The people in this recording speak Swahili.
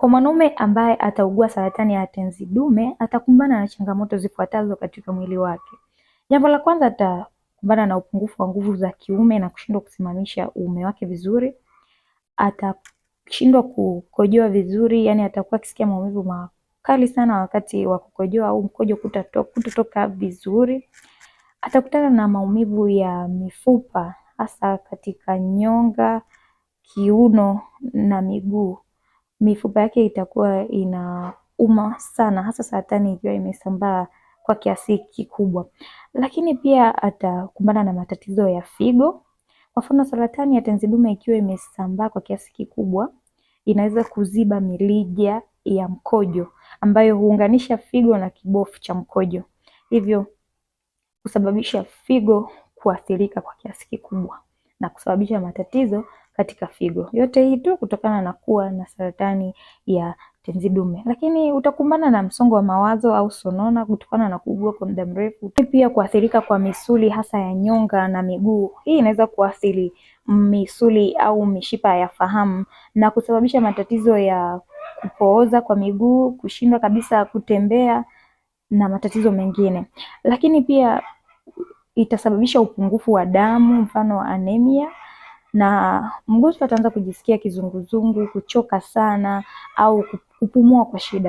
Kwa mwanaume ambaye ataugua saratani ya tenzi dume atakumbana na changamoto zifuatazo katika mwili wake. Jambo la kwanza atakumbana na upungufu wa nguvu za kiume na kushindwa kusimamisha uume wake vizuri, atashindwa kukojoa vizuri, yani atakuwa akisikia maumivu makali sana wakati wa kukojoa au mkojo kutotoka vizuri. Atakutana na maumivu ya mifupa hasa katika nyonga, kiuno na miguu mifupa yake itakuwa inauma sana, hasa saratani ikiwa imesambaa kwa kiasi kikubwa. Lakini pia atakumbana na matatizo ya figo. Kwa mfano, saratani ya tezi dume ikiwa imesambaa kwa kiasi kikubwa inaweza kuziba mirija ya mkojo ambayo huunganisha figo na kibofu cha mkojo, hivyo kusababisha figo kuathirika kwa kiasi kikubwa na kusababisha matatizo katika figo. Yote hii tu kutokana na kuwa na saratani ya tenzi dume. Lakini utakumbana na msongo wa mawazo au sonona kutokana na kuugua kwa muda mrefu. Pia kuathirika kwa misuli hasa ya nyonga na miguu. Hii inaweza kuathiri misuli au mishipa ya fahamu na kusababisha matatizo ya kupooza kwa miguu, kushindwa kabisa kutembea na matatizo mengine. Lakini pia itasababisha upungufu wa damu, mfano anemia na mgonjwa ataanza kujisikia kizunguzungu, kuchoka sana au kupumua kwa shida.